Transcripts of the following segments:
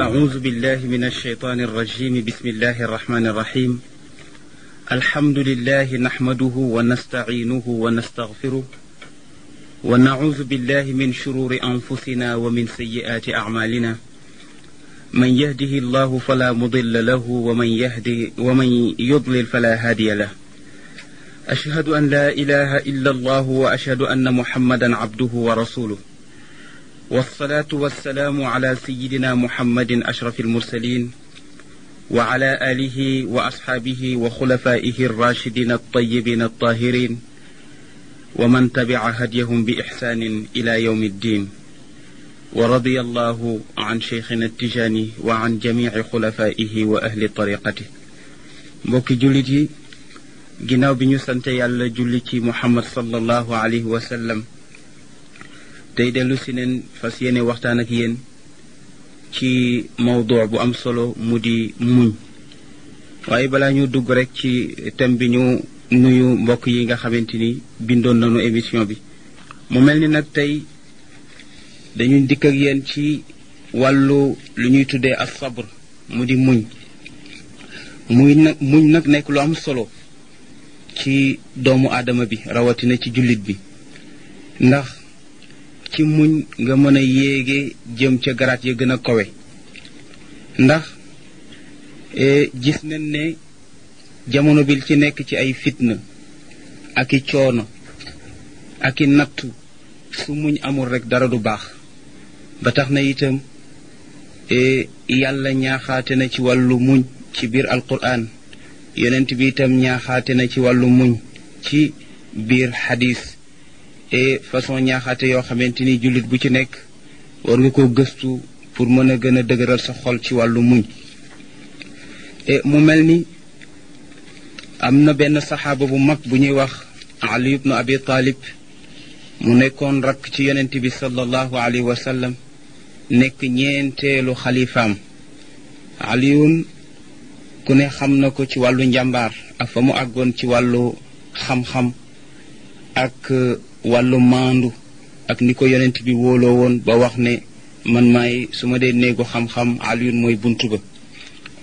أعوذ بالله من الشيطان الرجيم بسم الله الرحمن الرحيم الحمد لله نحمده ونستعينه ونستغفره ونعوذ بالله من شرور أنفسنا ومن سيئات أعمالنا من يهده الله فلا مضل له ومن يهدي ومن يضلل فلا هادي له أشهد أن لا إله إلا الله وأشهد أن محمدا عبده ورسوله والصلاة والسلام على سيدنا محمد أشرف المرسلين وعلى آله وأصحابه وخلفائه الراشدين الطيبين الطاهرين ومن تبع هديهم بإحسان إلى يوم الدين ورضي الله عن شيخنا التجاني وعن جميع خلفائه وأهل طريقته mbokki jullit yi ginnaaw bi ñu sant yàlla julli ci muhammad sallallahu alayhi wa sallam tey dellu si neen fas yéene waxtaan ak yéen ci mawduu bu am solo mu di muñ waaye balaa ñu dugg rek ci thème bi ñu nuyu mbokk yi nga xamante ni bindoon nanu émission bi mu mel ni nag tey dañu dikk ak yéen ci wàllu lu ñuy tuddee as sabr mu di muñ muy nag muñ nag nekk lu am solo ci doomu aadama bi rawatina ci jullit bi ndax ci muñ nga mën a yéege jëm ca garaat ya gën a kowe ndax e, gis nañ ne jamono bi ci nekk ci ay fitna ak i coono ak i nattu su muñ amul rek dara du baax ba tax na itam e, yàlla ñaaxaate na ci wàllu muñ ci biir alquran yonent bi itam ñaaxaate na ci wàllu muñ ci biir xadis façon ñaaxaate yoo xamante ni jullit bu ci nekk war nga koo gëstu pour mën a gën a dëgëral sa xol ci wàllu muñ mu mel ni am na benn saxaaba bu mag bu ñuy wax Ali ibnu Abi mu nekkoon rakk ci yonent bi sallallahu alayhi sallam nekk ñeenteelu xalifaam aliyun ku ne xam na ko ci wàllu njàmbaar ak fa mu àggoon ci wàllu xam-xam ak wàllu maandu ak ni ko yonent bi wóoloo woon ba wax ne man maay su ma dee néegu xam-xam Alioune mooy buntu ba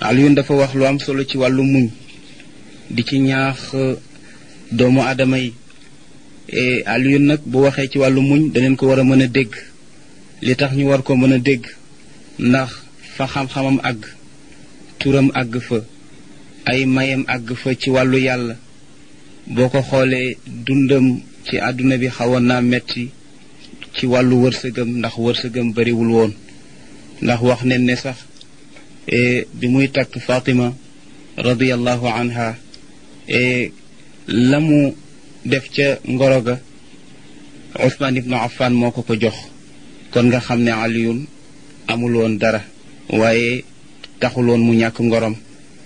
Alioune dafa wax lu am solo ci wàllu muñ di ci ñaax euh, doomu aadama yi Alioune nag bu waxee ci wàllu muñ daleen ko war a mën a dégg li tax ñu war ko mën a dégg ndax fa xam-xamam àgg tuuram àgg fa ay mayam àgg fa ci wàllu yàlla boo ko xoolee dundam ci àdduna bi xawoon naa metti ci wàllu wërsëgam ndax wërsëgam bariwul woon ndax wax nen ne sax e, bi muy takk Fatima radiyallahu anha e, la mu def ca ngoro ga Ousmane na Affan moo ko ko jox kon nga xam ne Aliyun amul dara waaye taxuloon mu ñàkk ngorom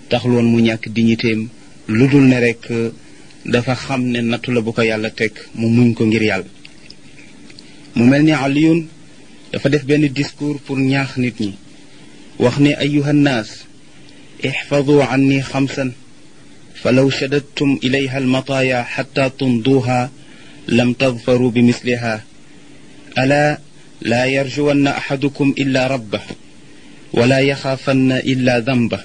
taxuloon mu ñàkk dignitéem lu dul ne rekk dafa xam ne nattu la bu yàlla teg mu muñ ko ngir yàlla mu mel ni aliyun dafa def benn discours pour ñaax nit ñi wax ne ayuha nnaas ixfadu anni xamsan falaw shadadtum ilayha almataaya xatta tunduuha lam tadfaru bi misliha ala illa rabbah wala yaxaafanna illa dambah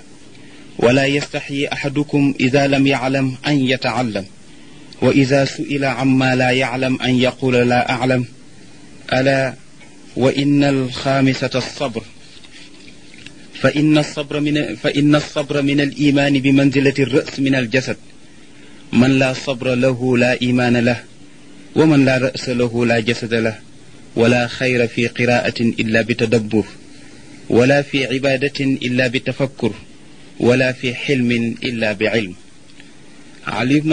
wala yastaxyi axadukum ida lam yaclam an yatacallam wa ida suila amma la yaclam an yaqula la aclam ala wa inna alxaamisata alsabr fa inna alsabra min fa inna alsabra min alimaani bi manzilati alras min aljasad man la sabra lahu la imaana lah wa man la rasa lahu la jasada lah wala xayra fi qiraatin illa bi tadabbur wala fi cibaadatin illa bi tafakkur wala fi xilmin illa bi ilm ali ibn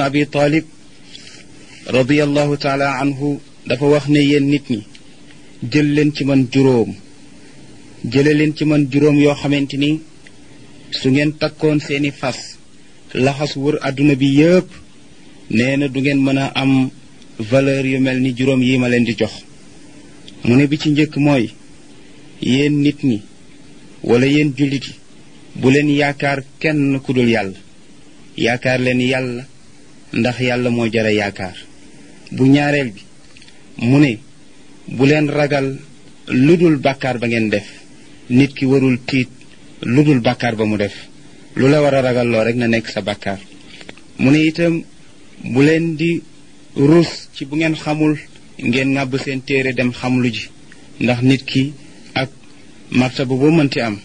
radiallahu taala anhu dafa wax ne yéen nit ñi jël leen ci man juróom jële leen ci man juróom yoo xamante ni su ngeen takkoon seeni fas laxas wër àdduna bi yépp nee du ngeen mën a am valeur yu mel ni juróom yi ma leen di jox mu ne bi ci njëkk mooy yéen nit ñi wala yéen jullit yi bu leen yaakaar kenn ku dul yàlla yaakaar leen yàlla ndax yàlla moo jara yaakaar bu ñaareel bi mu ne bu leen ragal lu dul bàkkaar ba ngeen def nit ki warul tiit lu dul bàkkaar ba mu def lu la war a ragal rek na nekk sa bàkkaar mu ne itam bu leen di ruus ci bu ngeen xamul ngeen ŋàbb seen téere dem xamlu ji ndax nit ki ak martaba boo mënti am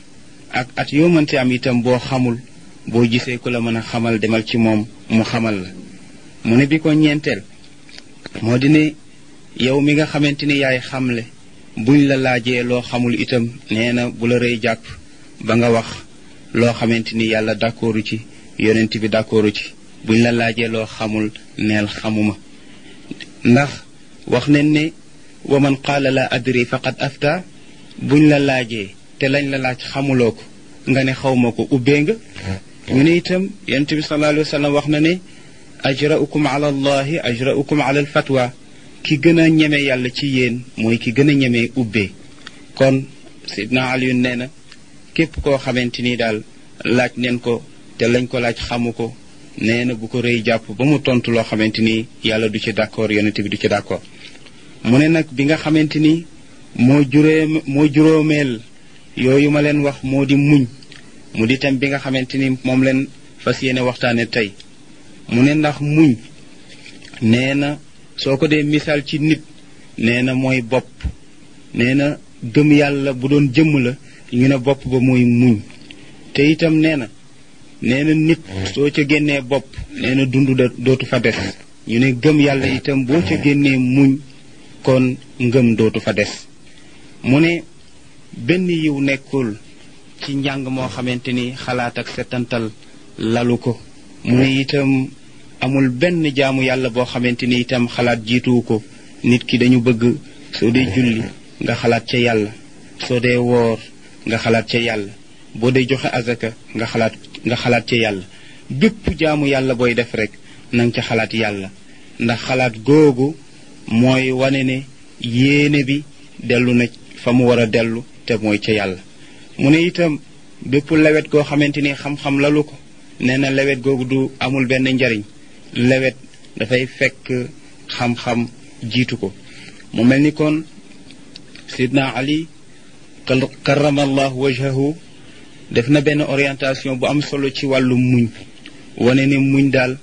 ak at yoo mënti am itam boo xamul boo gisee ku la mën a xamal demal ci moom mu xamal la mu ne bi ko ñeenteel moo di ne yow mi nga xamante ni yaay xamle buñ la laajee loo xamul itam nee na bu la rëy jàpp ba nga wax loo xamante ni yàlla d'accordu ci yonent bi d'accordu ci buñ la laajee loo xamul neel xamuma ndax wax nañ ne wa man qaala la adri faqad afta buñ la laajee te lañ la laaj xamuloo ko nga ne xawma ko ubbee nga hmm. ñu ne itam yonent bi sallallahu alayhi wa wax na ne ajraukum ala allahi ajraukum ala alfatwa ki gën a ñeme yàlla ci yéen mooy ki gën a ñeme ubbee kon sidna aliyun nee na képp koo xamante ni daal laaj neen ko te lañ ko laaj xamu ko nee na bu ko rëy jàpp ba mu tontu loo xamante ni yàlla du ci d'accord yonent bi du ci d'accord mu ne nag bi nga xamante moo juree moo juróomeel yooyu ma leen wax moo di muñ mu di thème bi nga xamante ni moom leen fas yéene waxtaane tey mu ne ndax muñ nee na soo ko dee misaal ci nit nee na mooy bopp nee na gëm yàlla bu doon jëmm la ñu ne bopp ba mooy muñ te itam nee na nee na nit mm. soo ca génnee bopp nee na dund dootu fa des ñu ne gëm yàlla itam boo ca génnee muñ kon ngëm dootu fa des mu ne benn yiw nekkul ci njàng moo xamante ni xalaat ak setantal lalu ko mu ne itam amul benn jaamu yàlla boo xamante ni itam xalaat jiituwu ko nit ki dañu bëgg soo dee julli nga xalaat ca yàlla soo dee woor nga xalaat ca yàlla boo dee joxe azaka nga xalaat nga xalaat ca yàlla bépp jaamu yàlla booy def rekk nanga ca xalaat yàlla ndax xalaat googu mooy wane ne yéene bi dellu na fa mu war a dellu te mooy ca yàlla mu ne itam bépp lewet goo xamante ni xam-xam lalu ko nee na lawet googu du amul benn njariñ lawet dafay fekk xam-xam jiitu ko mu mel ni kon sidna ali karamallahu wajhahu def na benn orientation bu am solo ci wàllu muñ wane ni muñ daal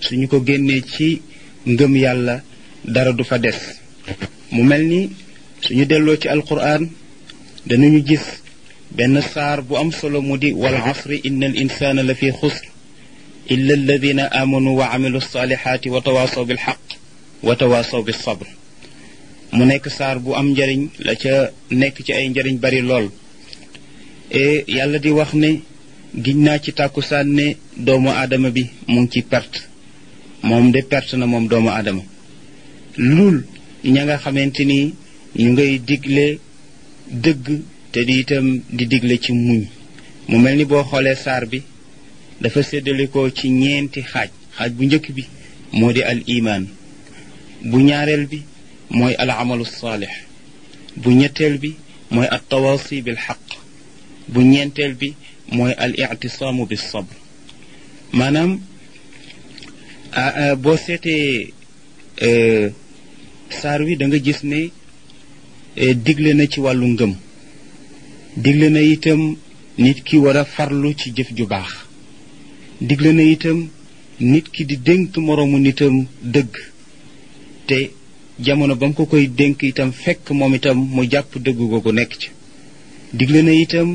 su ñu ko génnee ci ngëm yàlla dara du fa des mu mel ni suñu delloo ci alquran danañu gis benn saar bu am solo mu di wal asri inna al insana la fi xusr illa alladina amanu wa amilu salihaati wa tawaasaw bil xaq wa tawaasaw bis sabr mu nekk saar bu am njariñ la ca nekk ci ay njariñ bari lool e yàlla di wax ne giñ naa ci tàkku ne doomu aadama bi mu ngi ci pert moom de perte na moom doomu aadama lul ña nga xamante ni ñu ngay digle dëgg te di itam di digle ci muñ mu mel ni boo xoolee saar bi dafa séddalikoo ci ñeenti xaaj xaaj bu njëkk bi moo di al bu ñaareel bi mooy al amalu saalix bu ñetteel bi mooy al tawaasi bil xaq bu ñeenteel bi mooy al ictisaamu bi sabr maanaam boo seetee euh, saar wi da gis ne Eh, digle na ci wàllu ngëm digle na itam nit ki war a farlu ci jëf ju baax digle na itam nit ki di dénk moroomu nitam dëgg te jamono ba mu ko koy dénk itam fekk moom itam mu jàpp ko googu nekk ci digle na itam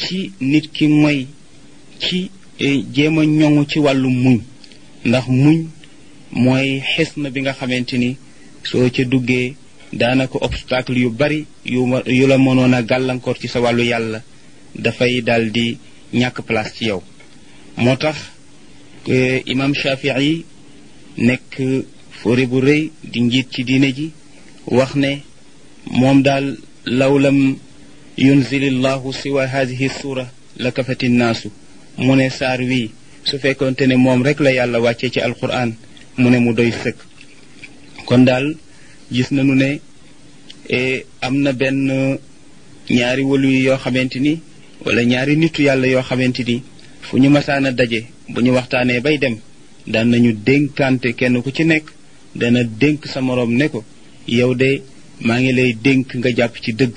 ci nit ki moy ci eh, jéem a ñoŋu ci wàllu muñ ndax muñ mooy xes na bi nga xamante ni soo ca duggee daanaka obstacle yu bari yu ma yu la mënoon a gàllankoor ci sa wàllu yàlla dafay dal di ñàkk place ci yow moo tax imam Shafii nekk fore bu rëy di njiit ci diine ji wax ne moom daal law lam yunzili llahu siwa hadihi suura la kafati naasu mu ne saar wii su fekkoonte ne moom rek la yàlla wàccee ci alquran mu ne mu doy sëkk kon daal gis nañu ne e, am na benn ñaari wëlu yoo xamante ni wala ñaari nitu yàlla yoo xamante ni fu ñu masaan a daje bu ñu waxtaanee bay dem daan nañu dénkante kenn ku ci nekk dana dénk sa moroom ne ko yow de maa ngi lay dénk nga jàpp ci dëgg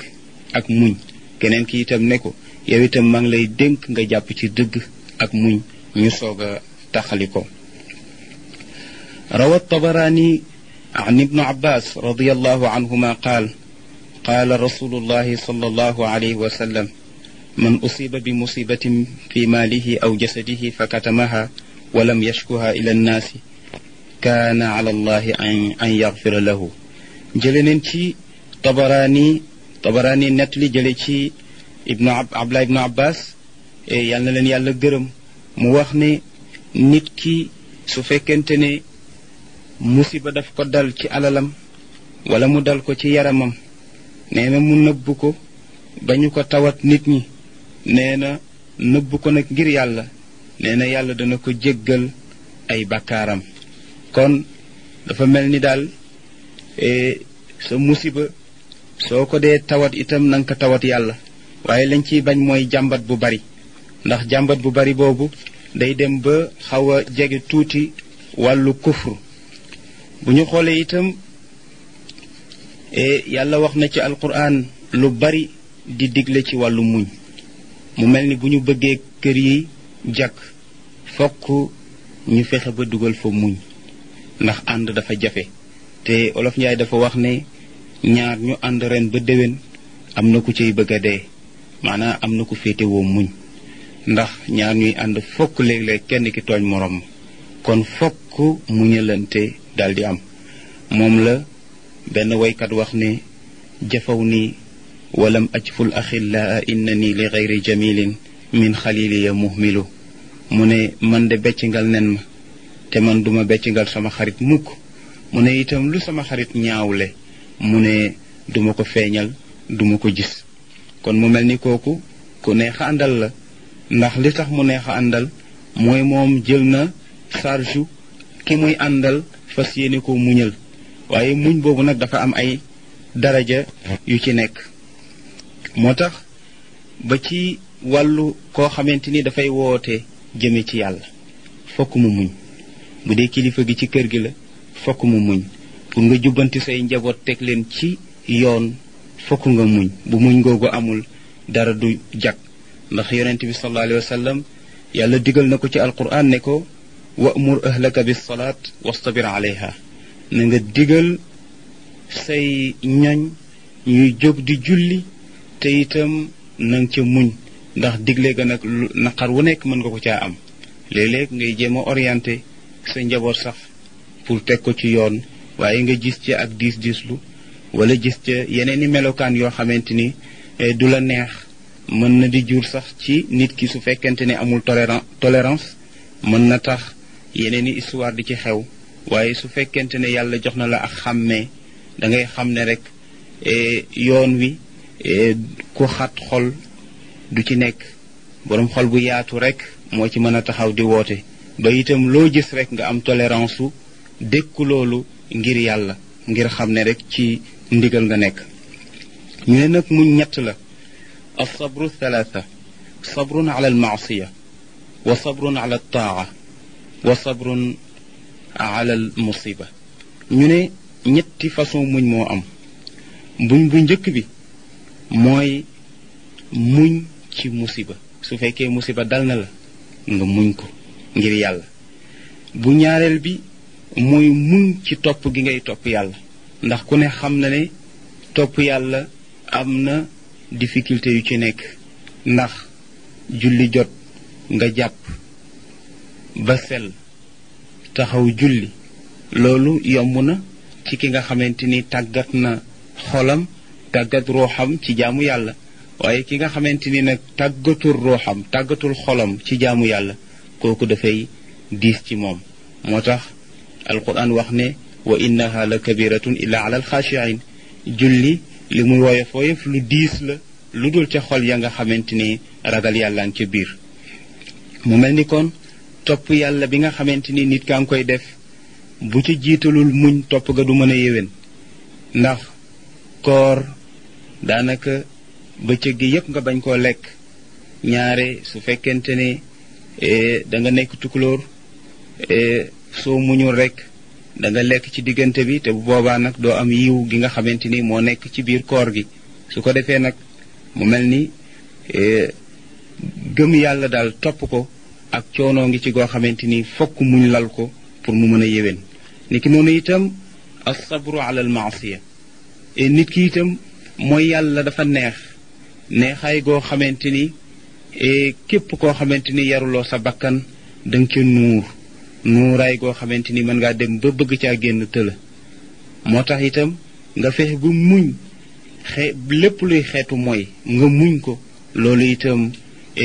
ak muñ keneen ki itam ne ko yow itam maa ngi lay dénk nga jàpp ci dëgg ak muñ ñu soog a taxali ko rawa tabaraani an ibnu abbas radiallahu anhuma qaal qaala rasulullahi sallallahu alayhi wa sallam man usiba bi musibatin fi maalihi aw jasadihi fakatamaha wa lam yashkuha ila nnaasi kaana ala allahi an yaxfira lahu jële neen ci tabaraani tabaraani nett li jële ci ibnu abdullah ibnu abbas yal na leen yàlla gërëm mu wax ne nit ki su fekkente ne musiba daf ko dal ci alalam walla mu dal ko ci yaramam nee na mu nëbbu ko ba ñu ko tawat nit ñi nee na nëbbu ko nag ngir yàlla nee na yàlla dana ko jéggal ay bakkaaram kon dafa mel ni daal e, sa musiba soo ko dee tawat itam na tawat yàlla waaye lañ ciy bañ mooy jàmbat bu bari ndax jàmbat bu bari boobu day dem ba xaw a jege tuuti wàllu kufru bu ñu xoolee itam eh, yàlla wax na ci alquran lu bari di digle ci wàllu muñ mu mel ni bu ñu bëggee kër yi jàkk fokk ñu fexe ba dugal fa muñ ndax ànd dafa jafe te olof Njaay dafa wax ne ñaar ñu ànd ren ba déwén am na ku cay bëgg a dee maanaam am na ku féete woo muñ ndax ñaar ñuy ànd fokk léeg kenn ki tooñ moroom kon fokk muñalante daal di am moom la benn woykat wax ni jafaw nii walam ajful axillaa inna nii li gayri jamilin min xalili ya muhmilu mu ne man de beccingal nen ma te man duma ngal sama xarit mukk mu ne itam lu sama xarit ñaawle mu ne duma ko feeñal duma ko gis kon mu mel ni kooku ku neex àndal la ndax li tax mu neex a àndal mooy moom jël na charge ki muy àndal fas yéene ko muñal waaye muñ boobu nag dafa am ay daraja yu ci nekk moo tax ba ci wàllu koo xamante ni dafay woote jëme ci yàlla fokk mu muñ bu dee kilifa gi ci kër gi la fokk mu muñ pour nga jubbanti say njaboot teg leen ci yoon fokk nga muñ bu muñ googu amul dara du jag ndax yonent bi sallallahu alayhi yàlla digal na ko ci alquran ne ko wa'mur ahlaka bis salaat wastabir alayha na nga digal say ñoñ ñuy jóg di julli te itam na nga ca muñ ndax digle nag naqar wu nekk mën nga ko caa am léeg-léeg ngay jéema orienté sa njaboot sax pour teg ko ci yoon waaye nga gis ca ak diis diislu wala gis ca yeneen i melokaan yoo xamante ni eh, du la neex mën na di jur sax ci nit ki su fekkente ni amul tolerance mën na tax yeneen i histoire di ci xew waaye su fekkente ne yàlla jox na la ak xàmmee da ngay xam ne rek e, yoon wi e, ku xat xol du ci nekk boroom xol bu yaatu rek moo ci mën a taxaw di woote ba itam loo gis rek nga am toleransu su loolu ngir yàlla ngir xam ne rek ci ndigal nga nekk ñu ne nag mu ñett la as sabru thalatha sabrun ala al maasiya wa sabrun ala al taa wa sabrun alal musiba ñu ne ñetti façon muñ moo am buñ bu njëkk bi mooy muñ ci musiba su fekkee musiba dal na la nga muñ ko ngir yàlla bu ñaareel bi mooy muñ ci topp gi ngay topp yàlla ndax ku ne xam na ne topp yàlla am na difficulté yu ci nekk ndax julli jot nga jàpp ba sell taxaw julli loolu yomb na ci ki nga xamante ni tàggat na xolam tàggat ruuxam ci jaamu yàlla waaye ki nga xamante ni nag tàggatul ruuxam tàggatul xolam ci jaamu yàlla kooku dafay diis ci moom moo tax alquran wax ne wa innaha la kabiratun illa ala alxaashiin julli li muy woyof woyof lu diis la lu dul ca xol ya nga xamante ni ragal yàllaan ca biir mu mel ni kon topp yàlla bi nga xamante ni nit kaa ngi koy def bu ci jiitalul muñ topp ga du mën a yéwén ndax koor daanaka bëccëg gi yépp nga bañ koo lekk ñaare su fekkente ne e, da nga nekk tukulóor e, soo muñul rek danga lekk ci diggante bi te bu boobaa nag doo am yiw gi nga xamante ni moo nekk ci biir koor gi su ko defee nag mu mel ni e, gëm yàlla daal topp ko ak coonoo ngi ci goo xamante ni fokk muñ lal ko pour mu mën a yéwén nit ki noonu itam as-sabru ala al-ma'siya e nit ki itam mooy yàlla dafa neex neexaay goo xamante ni e képp koo xamante ni yaruloo sa bakkan da nga ca nuur nuuraay goo xamante ni mën ngaa dem ba bëgg caa génn tëla moo tax itam nga fexe ba muñ xe lépp luy xeetu mooy nga muñ ko loolu itam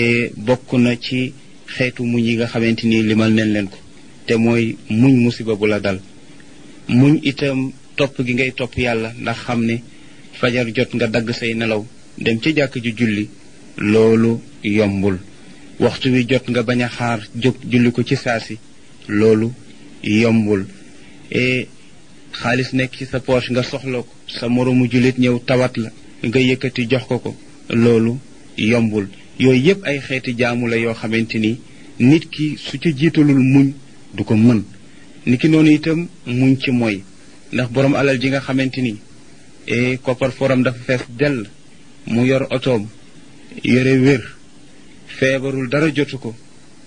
e, bokk na ci xeetu muñ yi nga xamante ni limal neen leen ko te mooy muñ musiba bu la dal muñ itam topp gi ngay topp yàlla ndax xam ne fajar jot nga dagg say nelaw dem ci jàkk ju julli loolu yombul waxtu wi jot nga bañ a xaar jóg julli ko ci saasi loolu yombul e xaalis nekk ci sa poche nga soxla sa moroomu jullit ñëw tawat la nga yëkkati jox ko ko loolu yombul yooyu yëpp ay xeeti jaamu la yoo xamante ni nit ki su ci jiitalul muñ du ko mën nit ki noonu itam muñ ci mooy ndax borom alal ji nga xamante ni eh, koppar forum dafa fees dell mu yor otoom yore wér feebarul dara jotu ko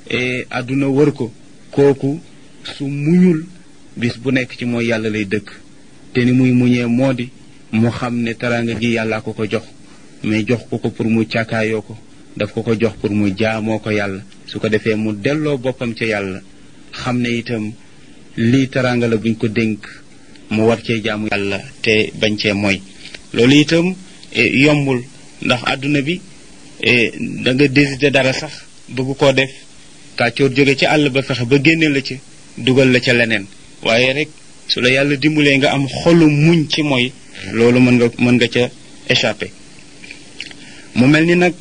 eh, àdduna wër ko kooku su muñul bis bu nekk ci mooy yàlla lay dëkk te ni muy muñee moo di mu xam ne teraanga gi yàllaa ko ko jox mais jox ko ko pour mu càkkaayoo ko daf ko ko jox pour mu jaamoo ko yàlla su ko defee mu delloo boppam ca yàlla xam na itam lii teraanga la buñ ko dénk mu war cee jaamu yàlla te bañ cee moy loolu itam eh, yombul ndax àdduna bi eh, da nga décider dara sax bëggu koo def kàccoor jóge ca àll ba fexe ba génne la ca dugal la ca leneen waaye rek su la yàlla dimbalee nga am xolu muñ ci moy loolu mën nga mën nga ca échappé mu mel ni nag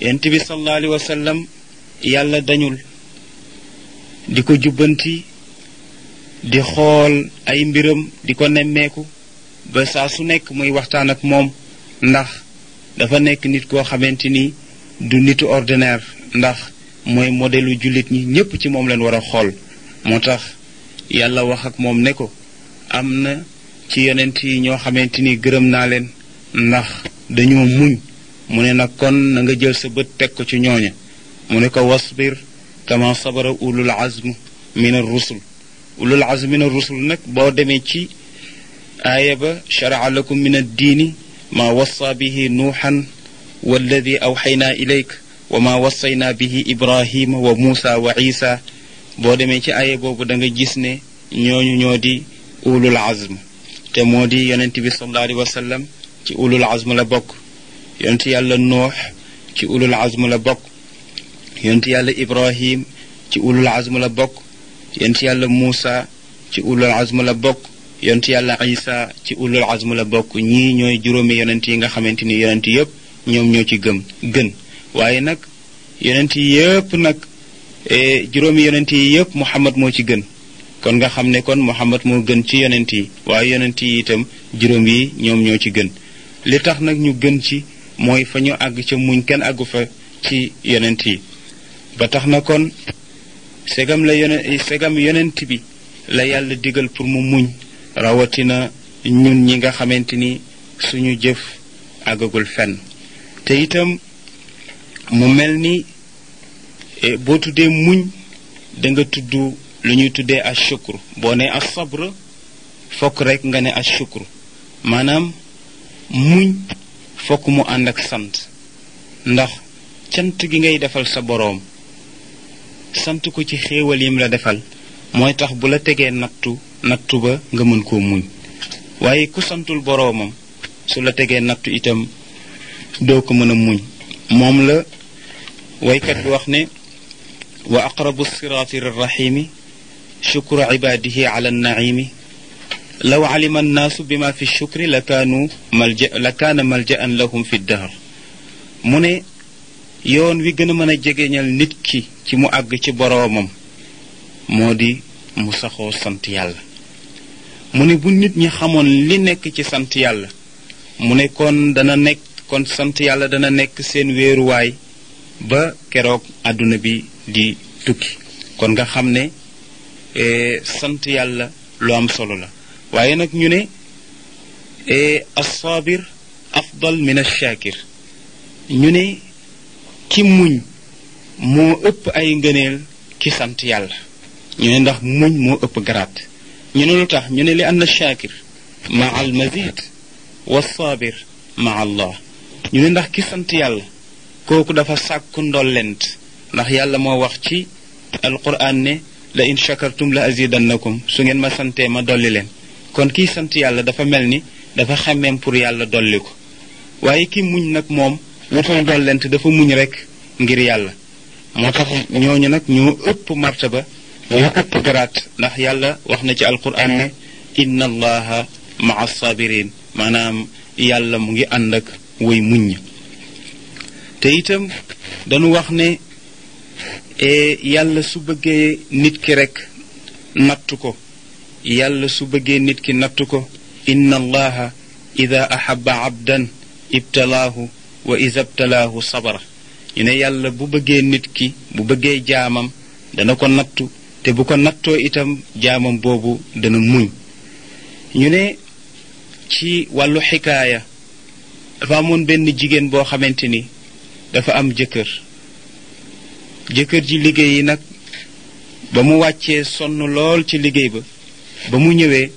yent bi sallallahu alayhi wa sallam yàlla dañul di ko jubbanti di xool ay mbiram di ko nemmeeku ba saa su nekk muy waxtaan ak moom ndax dafa nekk nit koo xamante ni du nitu ordinaire ndax mooy modelu jullit ñi ñépp ci moom leen war a xool moo tax yàlla wax ak moom ne ko am na ci yonent yi ñoo xamante ni gërëm naa leen ndax dañoo muñ mu ne nag kon nga jël sa bët teg ko ci ñooña mu ne ko wasbir kama sabara ulul azm min ar rusul ulul min ar rusul nag boo demee ci aaya ba sharaa lakum min ad diini maa wasa bihi nuuxan walladi awxaynaa ilayk wa maa wasaynaa bihi ibrahima wa muusa wa isa boo demee ci aaya boobu da nga gis ne ñooñu ñoo di ulul azm te moo di yonent bi sallallahu alayhi wa sallam ci ulul azm la bokk yonent yàlla noox ci ulul azm la bokk yonent yàlla ibrahim ci ulul azm la bokk yonent yàlla muusa ci ulul azm la bokk yonent yàlla isa ci ulul azm la bokk ñii ñooy juróomi yonent yi nga xamante ni yonent yépp ñoom ñoo ci gën gën waaye nag yonent yi yépp nag e, juróomi yonent yi yépp muhammad moo ci gën kon nga xam ne kon muhammad moo gën ci yonent yi waaye yonent yi itam juróom yi ñoom ñoo ci gën li tax nag ñu gën ci mooy fa ñu àgg ca muñ kenn àggu fa ci yonent yi ba tax na kon segam la yonent segam yonent bi la yàlla digal pour mu muñ rawatina ñun ñi nga xamante ni suñu jëf àggagul fenn te itam mu mel ni e, boo tuddee muñ da nga tudd lu ñuy tuddee as shukr boo ne ak sabr fokk rek nga ne as shukr maanaam muñ fokk mu ànd ak sant ndax cant gi ngay defal sa boroom sant ko ci xéewal yim la defal mooy tax bu la tegee nattu nattu ba nga mën koo muñ waaye ku santul boroomam su la tegee nattu itam doo ko mën a muñ moom la waykat bi wax ne wa aqrabu siraati rahimi shukru ibaadihi ala naimi law alima annaasu bi ma fi shukri la kaanu malja la kaana maljaan lahum fi dahr mu ne yoon wi gën a mën a jegeñal nit ki ci mu àgg ci boroomam moo di mu saxoo sant yàlla mu ne nit ñi xamoon li nekk ci sant mu ne kon dana nekk kon sant yàlla dana nekk seen weeruwaay ba keroog àdduna bi di tukki kon nga xam ne eh, sant yàlla lu am solo la waaye nag ñu ne e, assaabir afdal min ash-shaakir ñu ne ki muñ moo ëpp ay ngëneel ki sant yàlla ñu ne ndax muñ moo ëpp garaat ñu ne lu tax ñu ne li na shaakir ma al mazid wa saabir maa allah ñu ne ndax ki sant yàlla kooku dafa sàkku ndollent ndax yàlla moo wax ci alquran ne la in shakartum la azidannakum su ngeen ma santee ma dolli leen kon kiy sant yàlla dafa mel ni dafa xemmeem pour yàlla dolli ko waaye ki muñ nag moom wutoon dollent dafa muñ rek ngir yàlla moo tax ñooñu nag ñoo ëpp martaba ñoo ëpp garaat ndax yàlla wax na ci alquran ne inna allaha maa sabirin maanaam yàlla mu ngi ànd ak way muñ te itam dañu wax ne e, yàlla su bëggee nit ki rekk nattu ko yàlla su bëggee nit ki nattu ko inna allaha ida ahaba abdan ibtalaahu wa ida ibtalaahu ñu ne yàlla bu bëggee nit ki bu bëggee jaamam dana ko nattu te bu ko nattoo itam jaamam boobu dana muñ ñu ne ci wàllu xikaaya dafa amoon benn jigéen boo xamante ni dafa am jëkkër jëkkër ji liggéey yi nag ba mu wàccee sonn lool ci liggéey ba ba mu ñëwee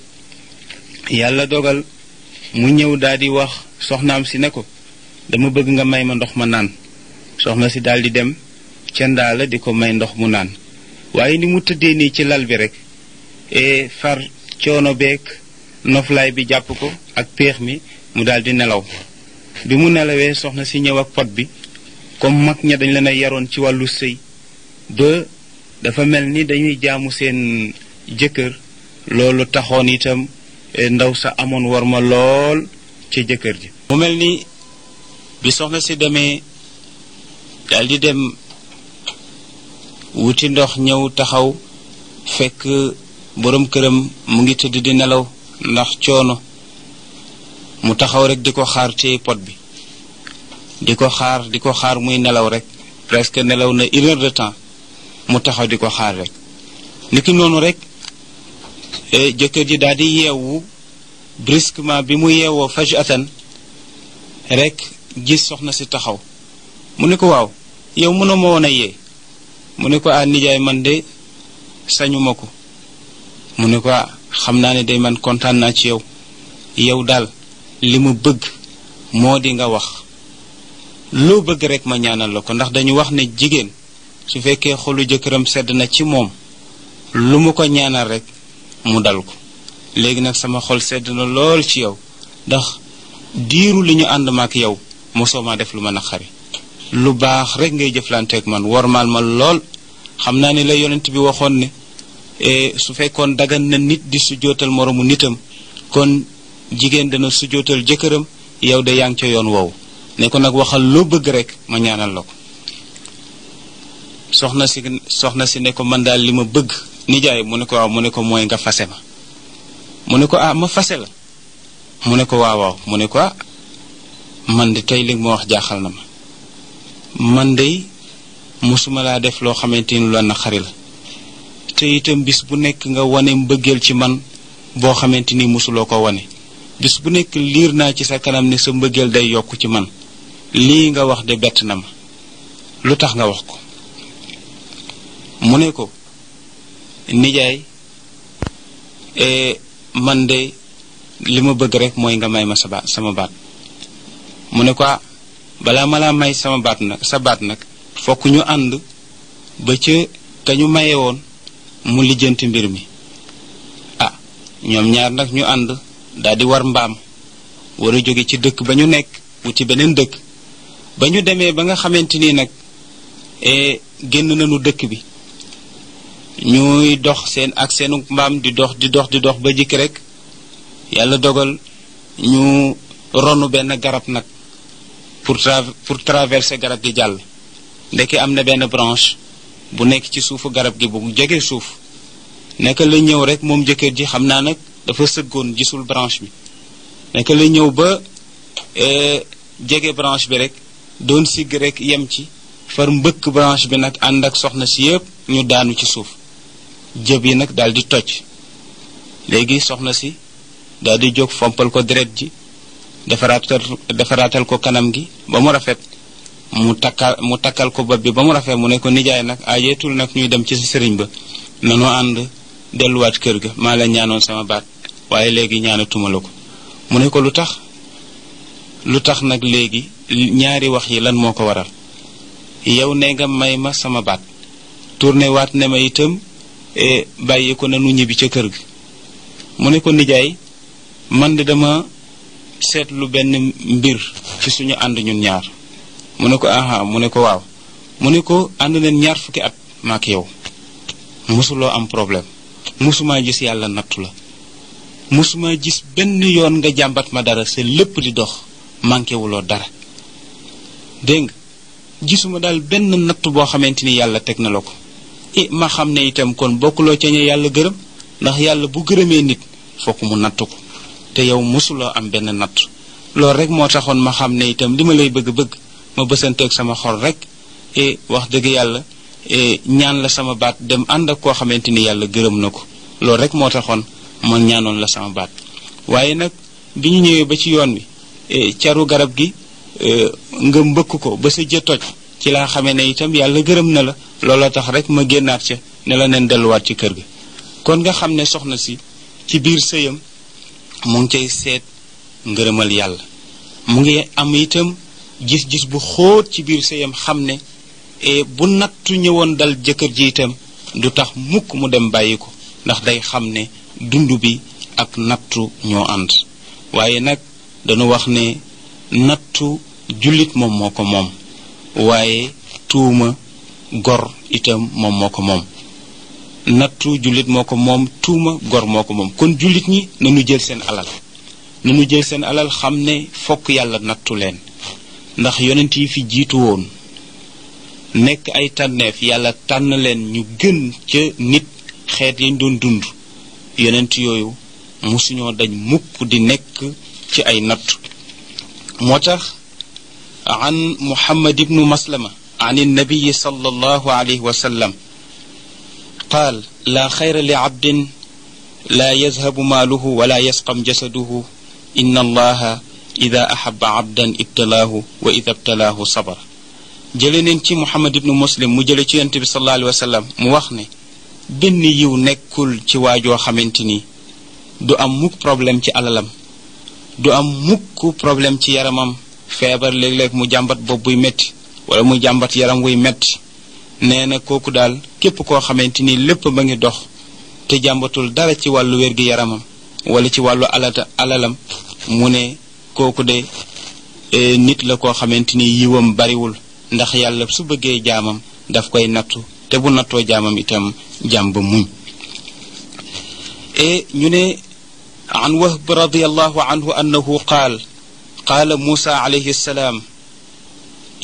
yàlla dogal mu ñëw daldi wax soxnaam si ne ko dama bëgg nga may ma ndox ma naan soxna si daal di dem ca ndaa la di ko may ndox mu naan waaye ni mu tëddee nii ci lal bi rek e far coono beek noflaay bi jàpp ko ak péex mi mu daldi nelaw bi mu nelawee soxna si ñëw ak pot bi comme mag ña dañ leen a yaroon ci wàllu sëy ba dafa mel ni dañuy jaamu seen jëkkër loolu taxoon itam e, ndaw sa amoon war ma lool ci jëkkër ji mu mel ni bi soxna si demee daal di dem wuti ndox ñëw taxaw fekk boroom këram mu ngi tëdd di nelaw ndax coono mu taxaw rek di ko xaar téye pot bi di ko xaar di ko xaar muy nelaw rek presque nelaw na une heure de temps mu taxaw di ko xaar rek niki noonu rek E, jëkkër ji daal di yeewu brusquement bi mu yeewoo fajatan rek gis soxna si taxaw mu ne ko waaw yow mënoo ma woon a yee mu ne ko ah nijaay man de sañuma ko mu ne ko ah xam naa ne day man kontaan naa ci yow yow daal li mu bëgg moo di nga wax loo bëgg rek ma ñaanal la ko ndax dañu wax ne jigéen su fekkee xolu jëkkëram sedd na ci moom lu mu ko ñaanal rek mu dal ko léegi nag sama xol sedd na lool ci yow ndax diiru li ñu ànd maak yow mosoo maa def lu ma naqari lu baax rek ngay jëflanteeg man wormaal ma lool xam naa ni la yonent bi waxoon ne e, su fekkoon dagan na nit di sujootal moroomu nitam kon jigéen dana sujootal jëkkëram yow de yaa ngi ca yoon wow ne ko nag waxal loo bëgg rek ma ñaanal la ko soxna si ne ko man daal li ma bëgg nijaay mu ne ko waaw mu ne ko mooy nga fase ma mu ne ko ah ma fase la mu ne ko waaw waaw mu ne ko ah man de tey li ma wax jaaxal na ma man de musuma laa def loo xamante ni lu naqari la te bis bu nekk nga wane mbëggeel ci man boo xamante ni mosuloo ko wane bis bu nekk liir naa ci sa kanam ni sa mbëggeel day yokk ci man lii nga wax de bett na ma lu tax nga wax ko mu ne ko nijaay e, man de li ma bëgg rek mooy nga may ma sa baat sama baat mu ne ko ah, balaa ma laa may sama baat nag sa baat nag fokk ñu ànd ba ca ka ñu maye woon mu lijjanti mbir mi ah ñoom ñaar nag ñu ànd daldi war mbaam wara jóge ci dëkk ba ñu nekk wuti beneen dëkk ba ñu demee ba nga xamante ni nag e, génn nañu dëkk bi ñuy dox seen ak seenu mbaam di dox di dox di dox ba jikk rek yàlla dogal ñu ronu benn garab nag pour pour traverser garab gi jàll ndekki am na benn branche bu nekk ci suufu garab gi bu jege suuf nekk la ñëw rek moom jëkkër ji xam naa nag dafa sëggoon gisul branche bi nekk la ñëw ba e, jege branche bi rek doon sigg rek yem ci far mbëkk branche bi nag ànd ak soxna si yépp ñu daanu ci suuf jëb yi nag daal di toj léegi soxna si daal di jóg fompal ko deret ji defaraatal ko kanam gi ba mu rafet mu takkal mu takkal ko bopp bi ba mu rafet mu ne ko nijaay nag aajeetul ah, nag ñuy dem ci sa sëriñ ba nanoo ànd delluwaat kër ga maa la ñaanoon sama baat waaye léegi ñaanatuma la ko mu ne ko lu tax lu tax nag léegi ñaari wax yi lan moo ko waral yow ne nga may ma sama baat tourné ne ma itam E bàyyi ko nanu ñibbi ca kër gi mu ne ko nijaay man de dama seetlu benn mbir fi suñu ànd ñun ñaar mu ne ko aha mu ne ko waaw mu ne ko ànd nañ ñaar fukki at maak yow mosuloo am problème mosumaa gis yàlla nattu la mosumaa gis benn yoon nga jàmbat ma dara sa lépp di dox manqué wuloo dara dégg nga gisuma daal benn nattu boo xamante ni yàlla teg na la ko i ma xam ne itam kon bokkuloo ca ñu yàlla gërëm ndax yàlla bu gërëmee nit fokk mu natt ko te yow mosuloo am benn natt loolu rek moo taxoon ma xam ne itam li ma lay bëgg-bëgg ma bësanteeg sama xol rek e, wax dëgg yàlla e, ñaan la sama baat dem ànd ak koo xamante ni yàlla gërëm na ko loolu rek moo taxoon ma ñaanoon la sama baat waaye nag bi ñu ñëwee ba ci yoon wi e, caru garab gi nga mbëkk ko ba sa jë toj ci laa xame ne itam yàlla gërëm na la looloo tax rek ma génnaat ca ne la neen delluwaat ci kër ga kon nga xam ne soxna si ci biir sëyam mu ngi cay seet ngërëmal yàlla mu ngi am itam gis-gis bu xóot ci biir sëyam xam ne e, bu nattu ñëwoon dal jëkkër ji itam du tax mukk mu dem bàyyi ko ndax day xam ne dund bi ak nattu ñoo ànd waaye nag dañu wax ne nattu jullit moom moo ko moom waaye tuuma gor itam moom moo ko moom nattu jullit moo ko moom tuuma gor moo ko moom kon jullit ñi nañu jël seen alal nañu jël seen alal xam ne fokk yàlla nattu leen ndax yonent yi fi jiitu woon nekk ay tànneef yàlla tànn leen ñu gën ca nit xeet yañ doon dund yonent yooyu musuñoo dañ mukk di nekk ci ay natt moo tax an muhammad ibnu maslama عن النبي صلى الله عليه وسلم قال لا خير لعبد لا يذهب ماله ولا يسقم جسده إن الله إذا أحب عبدا ابتلاه وإذا ابتلاه صبر jële neen ci Muhammad ibnu Muslim mu jële ci yonent bi sallallahu alayhi wa sallam mu wax ne benn yiw nekkul ci waajoo xamante ni du am mukk problème ci alalam du am mukk problème ci yaramam feebar léeg-léeg mu jàmbat bopp buy métti wala muy jàmbat yaram wuy metti nee na kooku daal képp koo xamante ni lépp ba ngi dox te jàmbatul dara ci wàllu wér-gi yaramam wala ci wàllu alata alalam mu ne kooku de e, nit la koo xamante ni yiwam bariwul ndax yàlla su bëggee jaamam daf koy nattu te bu nattoo jaamam itam jaam ba muñ e ñu ne an wahb radiallahu anhu annahu qaal qaala muusa alayhi salaam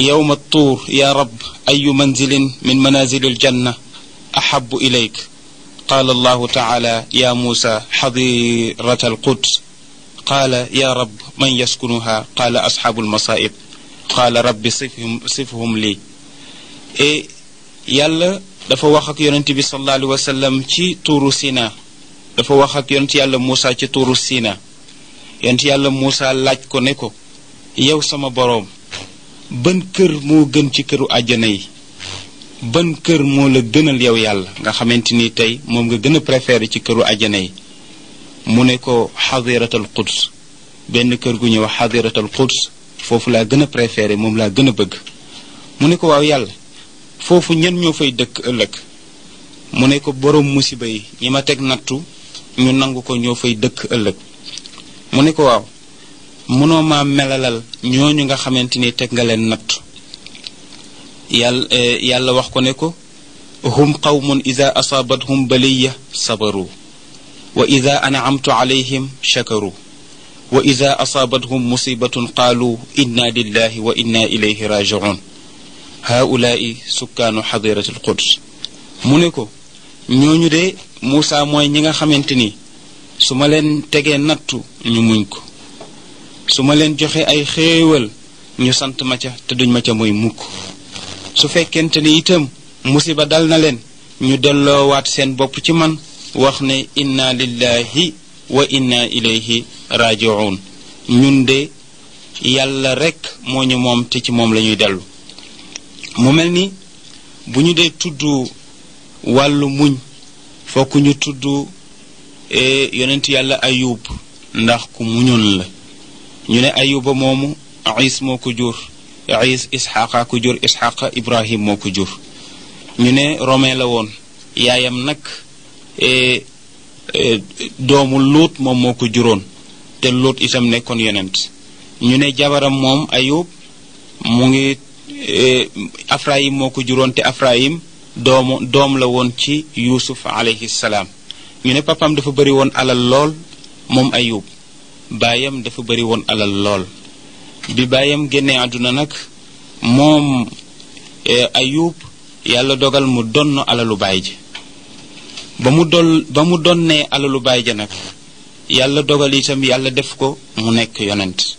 yowma tuur yaa rab ayu manzilin min manazili aljanna ahabu ilayk qaala allahu taala ya muusa xadirat alquds qaala ya rab man yaskunuha qaala asxaabu almasaib qaala rabbi sifhum sifhum lii e yàlla dafa wax ak yonent bi sallallahu alayhi wa sallam ci tuuru Sina dafa wax ak yonent yàlla Muusa ci tuuru Sina yonent yàlla Muusa laaj ko ne ko yow sama boroom bën kër moo gën ci këru àjjana yi ban kër moo la gënal yow yàlla nga xamante ni tey moom nga gën a préféré ci këru àjjana yi mu ne ko xadiratul quds benn kër gu ñuy wax xadiratul quds foofu laa gën a préféré moom laa gën a bëgg mu ne ko waaw yàlla foofu ñen ñoo fay dëkk ëllëg mu ne ko borom musiba yi ñi ma teg nattu ñu nangu ko ñoo fay dëkk ëllëg mu ne ko waaw mënoo maa melalal ñu nga xamante ni teg nga leen natt eh, yàlla wax ko ne ko hum qawmun ida asaabathum baliya sabaru wa ida anamtu alayhim shakaru wa ida asaabathum musibatun qaalu inna lillahi wa inna ilayhi rajiun haulaai sukkaanu xadirati alquds mu ne ko ñooñu de Muusa mooy ñi nga xamante ni su ma leen tegee nattu ñu muñ ko su ma leen joxe ay xéewal ñu sant ma ca te duñ ma ca mooy mukk su fekkente ni itam musiba dal na leen ñu delloowaat seen bopp ci man wax ne inna lillahi wa inna ilayhi rajiun ñun de yàlla rekk moo ñu moom te ci moom la ñuy dellu mu mel ni bu ñu dee tudd wàllu muñ fokk ñu tudd eh, yonent yàlla ayub ndax ku muñoon la ñu ne ayuba moomu is moo ko jur is isxaqa ko jur isxaqa ibrahim moo ko jur ñu ne romain la woon yaayam nag e, e, doomu luut moom moo ko juróon te luut itam nekkoon yonent ñu ne jabaram moom ayub mu ngi e, afrayim moo ko juróon te afrayim doomu doom la woon ci yuusuf alayhi salaam ñu ne papaam dafa bëri woon alal lool moom ayub baayam dafa bari woon alal lool bi baayam génnee àdduna nag moom eh, ayub yàlla dogal mu donn alalu baay ji ba mu dol ba mu donnee alalu baay ja nag yàlla dogal itam yàlla def ko mu nekk yonent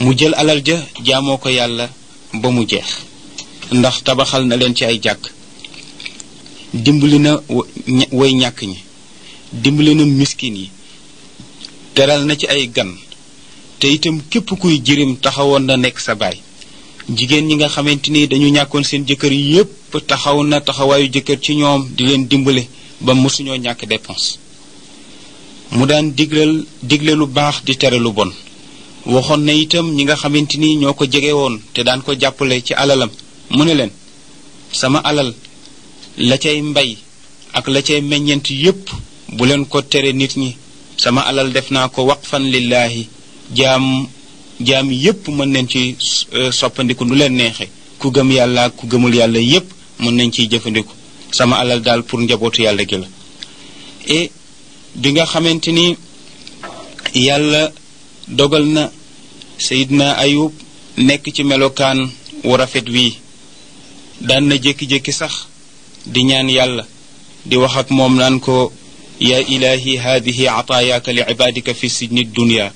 mu jël alal ja jaamoo ko yàlla ba mu jeex ndax tabaxal na leen ci ay jàkk dimbali na way ñàkk ñi dimbali na miskin yi teral na ci ay gan te itam képp kuy jirim taxawoon na nekk sa baay jigéen ñi nga xamante ni dañu ñàkkoon seen jëkkër yépp taxaw na taxawaayu jëkkër ci ñoom di leen dimbale ba mosuñoo ñàkk dépense mu daan diglal digle lu baax di tere lu bon waxoon na itam ñi nga xamante ni ñoo ko jege woon te daan ko jàppale ci alalam mu ne leen sama alal la cay mbay ak la cay meññent yépp bu leen ko tere nit ñi sama alal def naa ko waqfan lillaahi jaam jaam yépp mën nañ ci euh, soppandiku nu leen neexe ku gëm yàlla ku gëmul yàlla yépp mën nañ ciy jëfandiku sama alal daal pour njabootu yàlla gi la et bi nga xamante ni yàlla dogal na na Ayub nekk ci melokaan wu rafet wii daan na jékki-jékki sax di ñaan yàlla di wax ak moom naan ko yaa ilahi hadihi ataayaaka li cibaadika fi sijni dunya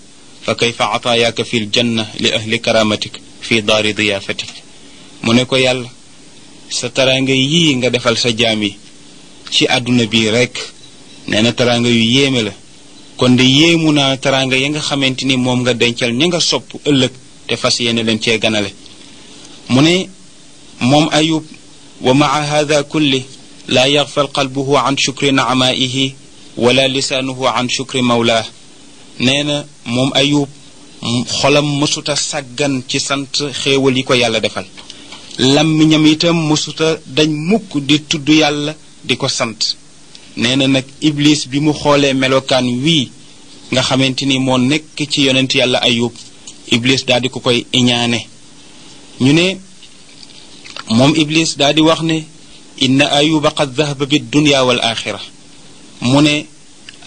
fa kayfa ataayaaka fi ljanna li ahli karamatik fi daari diyaafatik mu ne ko yàlla sa taraanga yii nga defal sa jaam yi ci àdduna bi rekk nee na taraanga yu yéeme la kon de yéemu naa taraanga ya nga xamante ni moom nga dencal ña nga sopp ëllëg te fas yéene leen cee ganale mu ne moom ayub wa maa hada kulli laa yaxfal qalbuhu an shukri naamaihi wala lisaanuhu an shukri mawlaa nee na moom ayub xolam mësuta sàggan ci sant xéewal yi ko yàlla defal làmmiñam itam mësuta dañ mukk di tudd yàlla di ko sant nee na nag iblis bi mu xoolee melokaan wii nga xamante ni moo nekk ci yonent yàlla ayub iblis daal di ko koy iñaane ñu ne moom iblis daal di wax ne inna ayuba qad dahaba bi dunya wal axira mu ne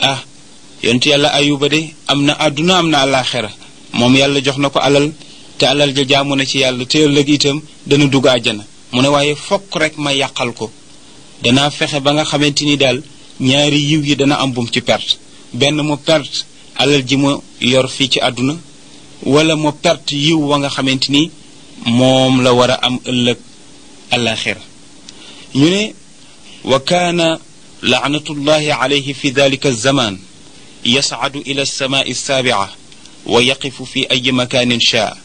ah yontu yàlla ayuba de am na àdduna am na àllaaxira moom yàlla jox na ko alal te alal ja jaamu na ci yàlla te ëllëg itam dana dugg àjjana mu ne waaye fokk rek ma yàqal ko danaa fexe ba nga xamante ni daal ñaari yiw yi dana am bum ci perte benn mu perte alal ji mu yor fii ci àdduna wala mu perte yiw wa nga xamante ni moom la war a am ëllëg àllaaxira ñu ne wa laanatullahi alayhi fi dalika zaman yascadu ila alsamaai alsaabica wa yaqifu fi ayi makaanin shaa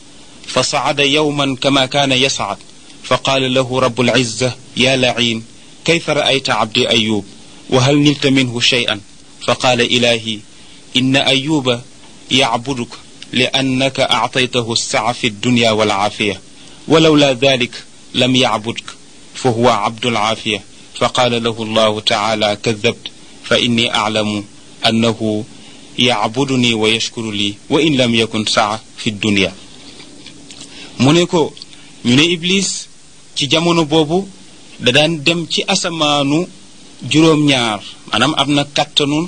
fa sacada yowman kama kaana yascad fa qaala lahu rabu alciza ya laciin kayfa raayta cabdi ayub wa hal nilta minhu cheyan fa qaala ilaahi inna ayuba yacbuduka li annaka actaytahu saa fi dunya walcaafiya wa lawlaa dalik lam yacbudka fa huwa cabdu alcaafiya fa qaala lahu llahu taala kadabt fa inni aclamu annahu yacbuduni wa yashkuru lii wa in lam yakun saa fi dunia mu ne ko ñu ne iblis ci jamono boobu da daan dem ci asamaanu juróom-ñaar maanaam am na kàttanu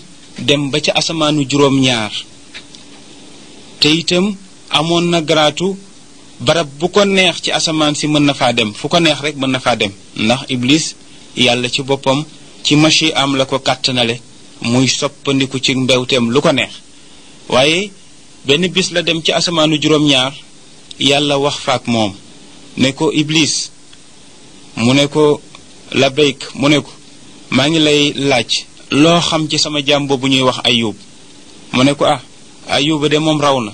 dem ba ci asamaanu juróom-ñaar te amoon na garaatu barab bu ko neex ci asamaan si mën na faa dem fu ko neex rek mën na faa dem ndax iblis yàlla ci boppam ci machi am la ko kàttanale muy soppandiku ci mbewteem lu ko neex waaye benn bis la dem ci asamaanu juróom-ñaar yàlla wax faak moom ne ko iblis mu ne ko la labbayk mu ne ko maa ngi lay laaj loo xam ci sama jaam boobu ñuy wax ayub mu ne ko ah ayuba de moom raw na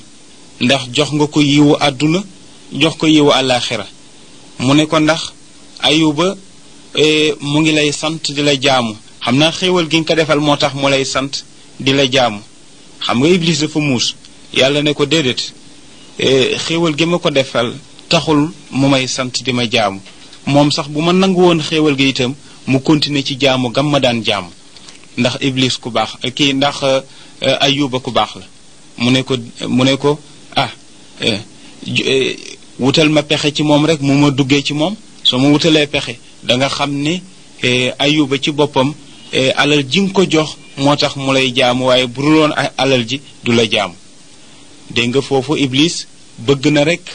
ndax jox nga ko yiwu àdduna jox ko yiwu àllaaxira mu ne ko ndax ayuba E, mu ngi lay sant di la jaamu xam naa xéewal gi nga ko defal moo tax mu lay sant di la jaamu xam nga iblis dafa muus yàlla ne ko déedéet e, xéewal gi ma ko defal taxul mu may sant di ma jaamu moom sax bu ma nangu woon xéewal gi itam mu continuer ci jaamu gam ma daan jàmm ndax iblis ku baax kii ndax e, ayuba ku baax la mu ne ko mu ne ko ah wutal ma pexe ci moom rek mu ma duggee ci moom soo ma wutalee pexe da nga xam ne eh, ayuba ci boppam eh, alal ji nga ko jox moo tax mu lay jaamu waaye bu dul woon alal ji du la jaamu dégg nga foofu iblis bëgg na rekk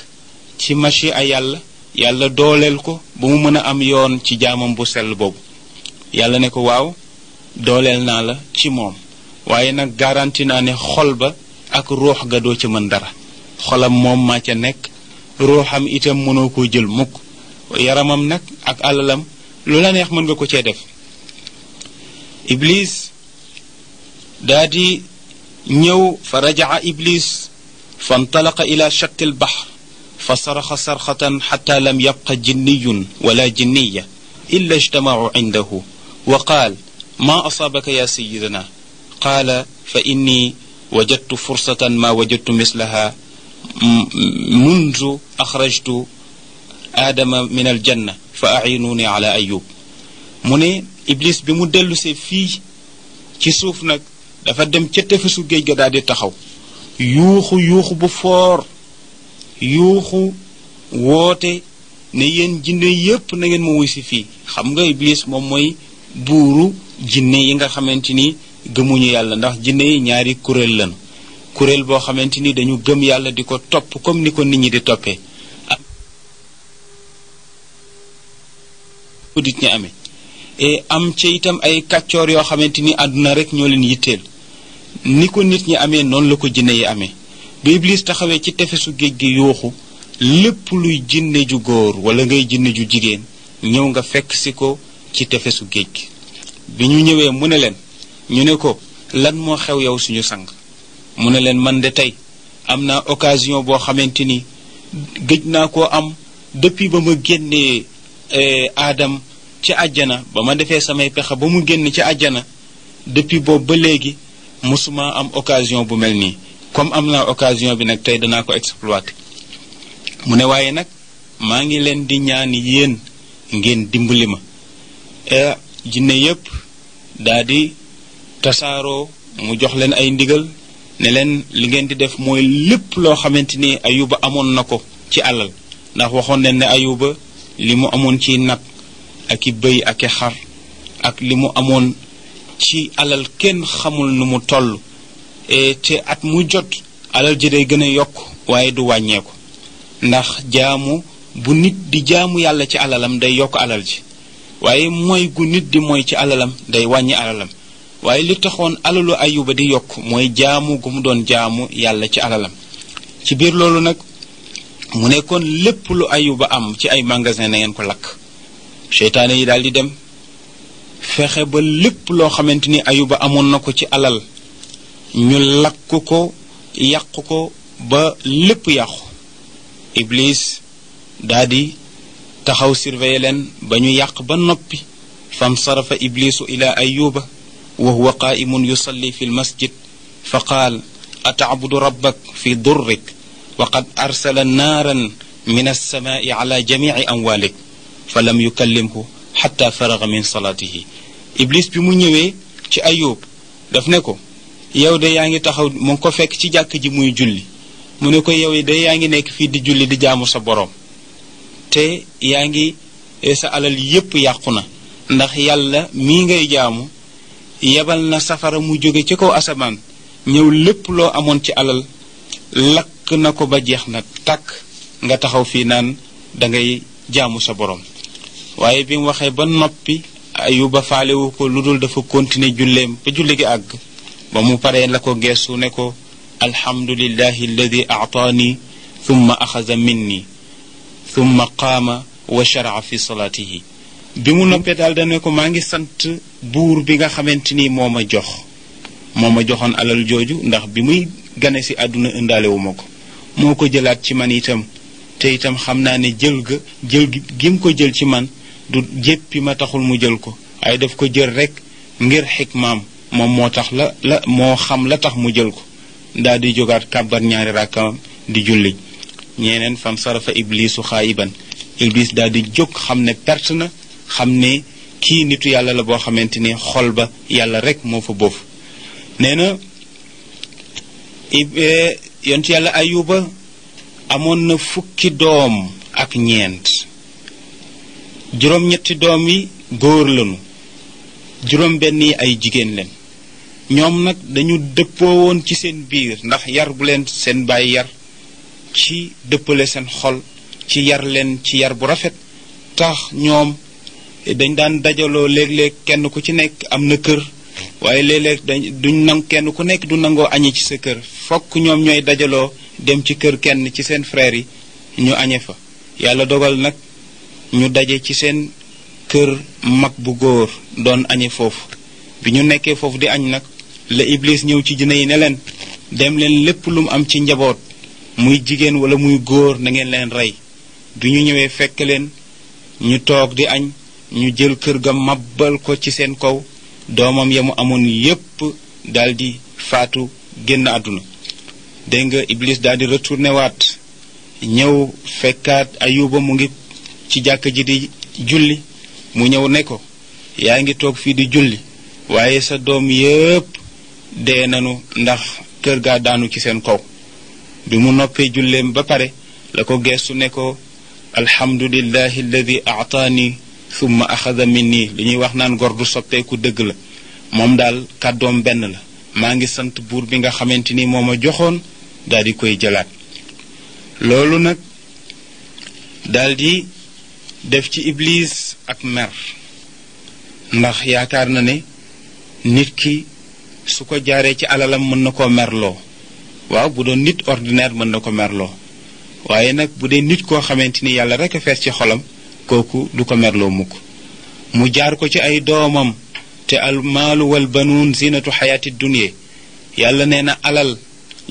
ci machi a yàlla yàlla dooleel ko ba mu mën a am yoon ci jaamam bu sell boobu yàlla ne ko waaw dooleel naa la ci moom waaye nag garanti naa ne xol ba ak ruux ga doo ci mën dara xolam moom maa ca nekk ruuxam itam mënoo ko jël mukk yaramam nag ak alalam lu la neex mën nga ko cee def iblis daa di ñëw fa rajaa iblis fa intalaqa ila shatti albahr fa saraxa sarxatan xata lam yabqa jinniyun wala jinniya illa ijtamacu cindahu wa qaal ma asaabaka ya sayidana qaala fa inni wajadtu fursatan ma wajadtu mislaha mundu axrajtu aadama minal al janna fa a'inuuni ala ayub mu ne iblis bi mu dellusee fii ci suuf nag dafa dem ca tefesu géej ga daal di taxaw yuuxu yuuxu bu foor yuuxu woote ne yéen jinne yépp na ngeen ma wuy si fii xam nga iblis moom mooy buuru jinne yi nga xamante ni gëmuñu yàlla ndax jinne yi ñaari kuréel lañu kuréel boo xamante ni dañu gëm yàlla di ko topp comme ni ko nit ñi di toppee audit ña amee am ci itam ay kàccoor yoo xamante ni àdduna rek ñoo leen yitteel ni ko nit ñi amee noonu la ko jinne yi amee ba Iblis taxawee ci tefesu géej gi yooxu lépp luy jinne ju góor wala ngay jinne ju jigéen ñëw nga fekk si ko ci tefesu géej gi bi ñu ñëwee mu ne leen ñu ne ko lan moo xew yow suñu sang mu ne leen man de tey am na occasion boo xamante ni gëj naa koo am depuis ba ma génnee aadam eh, ca àjjana ba ma defee samay pexe ba mu génn ci àjjana depuis boobu ba léegi mosuma am occasion bu mel nii comme am na occasion bi nag tey danaa ko exploiter mu ne waaye nag maa ngi leen di ñaan yéen ngeen dimbali ma e, jinne yépp daa di tasaaroo mu jox leen ay ndigal ne leen li ngeen di def mooy lépp loo xamante ni ayuba amoon na ko ci alal ndax waxoon leen ne ayuba li mu amoon ci nag ak i bëy ak i xar ak li mu amoon ci alal kenn xamul nu mu toll e, te at mu jot alal ji day gën a yokk waaye du wàññeeku ndax jaamu bu nit di jaamu yàlla ci alalam day yokk alal ji waaye mooy gu nit di mooy ci alalam day wàññi alalam waaye li taxoon alalu ayuba di yokk mooy jaamu gu mu doon jaamu yàlla ci alalam ci biir loolu nag mu nekkoon lépp lu ayuba am ci ay magasin na ngeen ko lakk seytaane yi daal di dem fexe ba lépp loo xamante ni ayuba amoon na ko ci alal ñu lakk ko yàq ko ba lépp yàqu iblis daal taxaw surveiller leen ba ñu yàq ba noppi fam sarafa iblisu ila ayuba wa huwa qaimun yusalli fi lmasjid fa qaal atacbudu rabbak fi durrik wa qad arsala naaran min alsamaai ala jamici amwaalik fa lam yukallimhu xatta faraga min yi iblis bi mu ñëwee ci ayub daf ne ko yow de yaa ngi taxaw mu ngi ko fekk ci jàkk ji muy julli mu ne ko yow de yaa ngi nekk fii di julli di jaamu sa boroom te yaa ngi eh, sa alal yépp yàqu na ndax yàlla mii ngay jaamu yebal na safara mu jóge ci kaw asamaan ñëw lépp loo amoon ci alal lakk na ko ba jeex na tàkk nga taxaw fii naan dangay jaamu sa boroom waaye bi mu waxee ba noppi ba faalewu ko lu dul dafa continuer julleem ba julli gi àgg ba mu paree la ko geesu ne ko alhamdulillahi alladi aataani thumma axaza minni thumma qaama wa sharaa fi salaatihi bi mu noppee daal dane ko maa ngi sant buur bi nga xamante ni moo ma jox moo ma joxoon alal jooju ndax bi muy gane si àdduna ëndaalewu ko moo ko jëlaat ci man itam te itam xam naa ne jël ga jël gi mu ko jël ci man du jéppi ma taxul mu jël ko ay def ko jël rekk ngir xikmaam moom moo tax la la moo xam la tax mu jël ko daal di jógaat kàbbar ñaari rakkaam di julli ñeneen fam sarafa iblisu xaayiban iblis daal di jóg xam ne pert na xam ne kii nitu yàlla la boo xamante ne xol ba yàlla rek moo fa boofu nee na eh, yontu yàlla ayuba amoon na fukki doom ak ñeent juróom-ñetti doom yi góor lañu juróom-benn yi ay jigéen leen ñoom nag dañu dëppoo woon ci seen biir ndax yar bu leen seen baay yar ci dëppale seen xol ci yar leen ci yar bu rafet tax ñoom dañ daan dajaloo léeg-léeg kenn ku ci nekk am na kër waaye léeg-léeg duñ nang kenn ku nekk du nangoo añe ci sa kër fokk ñoom ñooy dajaloo dem ci kër kenn ci seen freer yi ñu añe fa yàlla dogal nag ñu daje ci seen kër mag bu góor doon añe foofu bi ñu nekkee foofu di añ nag la iblis ñëw ci jinne yi ne leen dem leen lépp lu mu am ci njaboot muy jigéen wala muy góor nangeen leen rey du ñu ñëwee fekk leen ñu toog di añ ñu jël kër ga mabbal ko ci seen kaw doomam ya mu amoon yépp daldi faatu génn àdduna dégg nga iblis daldi retourné waat ñëw fekkaat ayuba mu ngi ci jàkk ji di julli mu ñëw ne ko yaa ngi toog fii di julli waaye sa doom yépp dee nanu ndax kër gaa daanu ci seen kow bi mu noppee julleem ba pare la ko geestu ne ko alhamdulillahi alladi aataani summa axada minni li ñuy wax naan gor du soppeeku dëgg la moom daal kàddoom benn la maa ngi sant buur bi nga xamante ni mooma joxoon daldi koy jëlaat loolu nag daal def ci iblis ak mer ndax yaakaar na ne nit ki su ko jaaree ci alalam mën na koo merloo waaw bu doon nit ordinaire mën na koo merloo waaye nag bu dee nit koo xamante ni yàlla rekk a fees ci xolam kooku du ko merloo mukk mu jaar ko ci ay doomam te al maalu siinatu xayaati dunya yàlla nee na alal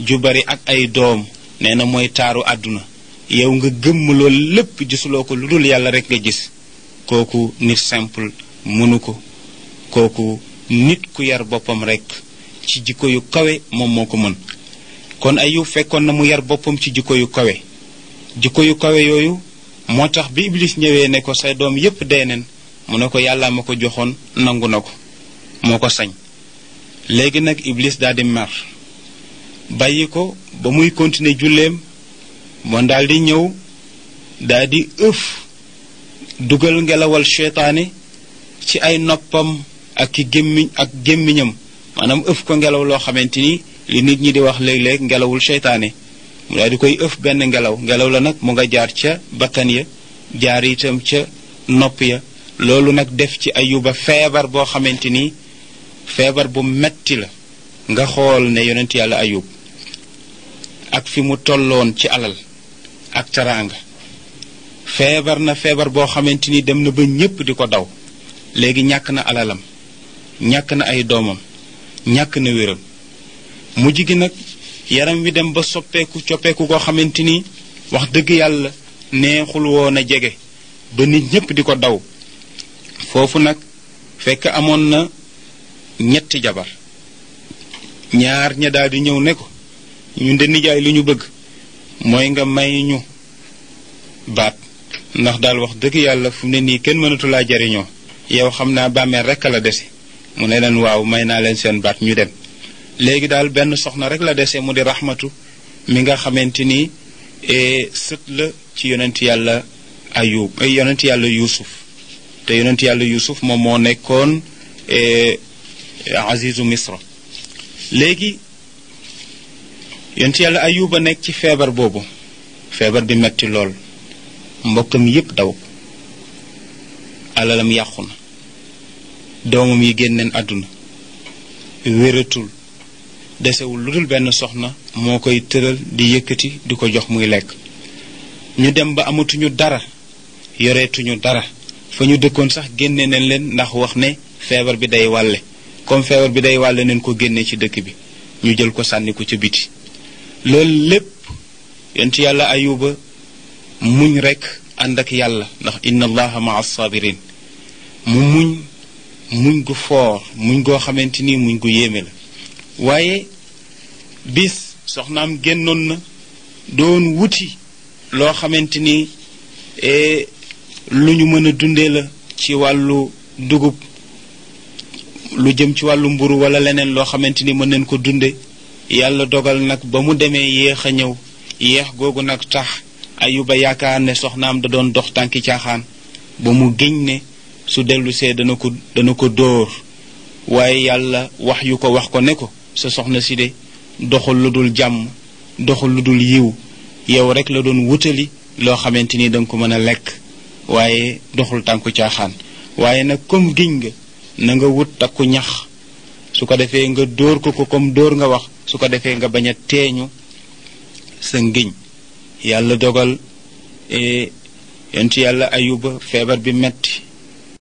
ju bari ak ay doom nee na mooy taaru àdduna yow nga gëmm loolu lépp gisuloo ko lu dul yàlla rek nga gis kooku nit simple mënu ko kooku nit ku yar boppam rek ci jikko yu kawe moom moo ko mën kon Ayub fekkoon na mu yar boppam ci jikko yu kawe jikko yu kawe yooyu moo tax bi Iblis ñëwee ne ko say doom yépp dee neen mu ne ko yàlla ma ko joxoon nangu na ko moo ko sañ léegi nag Iblis daal di mer bàyyi ko ba muy continuer julleem moom daal di ñëw daal di ëf dugal ngelawal seytaane ci ay noppam ak ki ak gémmiñam manam ëf ko ngelaw loo xamante ni li nit ñi di wax léeg-léeg ngelawul seytaane mu daal koy ëf benn ngelaw ngelaw la nag mu nga jaar ca bakkan ya jaar itam ca nopp ya loolu nag def ci ayuba feebar boo xamante ni feebar bu metti la nga xool ne yonent yàlla ayub ak fi mu tolloon ci alal ak teraanga feebar na feebar boo xamante ni dem na ba ñépp di ko daw léegi ñàkk na alalam ñàkk na ay doomam ñàkk na wéram mujj gi nag yaram wi dem ba soppeeku coppeeku koo xamante ni wax dëgg yàlla neexul woon a jege ba nit ñépp di ko daw foofu nag fekk amoon na ñetti jabar ñaar ña daldi ñëw ne ko ñun de nijaay li ñu bëgg mooy nga may ñu baat ndax daal wax dëgg yàlla fu mu ne nii kenn mënatulaa jariñoo yow xam naa bàmmeel rekk la dese mu ne leen waaw may naa leen seen baat ñu dem léegi daal benn soxna rek la dese mu di raxmatu mi nga xamante ni e, sët la ci yonent yàlla ayub e, yonent yàlla yuusuf te yonent yàlla yuusuf moom moo nekkoon e, azizu misra léegi yonent yàlla ayuba nekk ci feebar boobu feebar bi metti lool mbokkam yépp daw alalam yàqu na doomam yi génneen àdduna wératul desewul lu dul benn soxna moo koy tëral di yëkkati di ko jox muy lekk ñu dem ba amatuñu dara yoreetuñu dara fa ñu dëkkoon sax génne nañ leen ndax wax ne feebar bi day wàlle comme feebar bi day wàlle nañ ko génne ci dëkk bi ñu jël ko sànni ko ca biti loolu lépp yonent yàlla ayuba muñ rekk ànd ak yàlla ndax inna allaha maa sabirin mu muñ muñ gu foor muñ goo xamante ni muñ gu yéeme la waaye bis soxnaam génnoon na doon wuti loo xamante ni e, lu ñu mën a dundee la ci wàllu dugub lu jëm ci wàllu mburu walla leneen loo xamante ni mën nañ ko dunde yàlla dogal nag ba mu demee yéex a ñëw yéex googu nag tax ayuba yaakaar ne soxnaam da doon dox tànki caaxaan ba mu géñ ne su dellusee dana ko dana ko dóor waaye yàlla wax yu ko wax ko ne ko sa soxna si de doxul lu dul jàmm doxul lu dul yiw yow rek la doon wutali loo xamante ni danga ko mën a lekk waaye doxul tànku caaxaan waaye nag kom giñ nga na nga wut takku ñax su ko defee nga dóor ko ko comme dóor nga wax su ko defee nga bañ a teeñu sa ngiñ yàlla dogal ci eh, yàlla ayuba feebar bi metti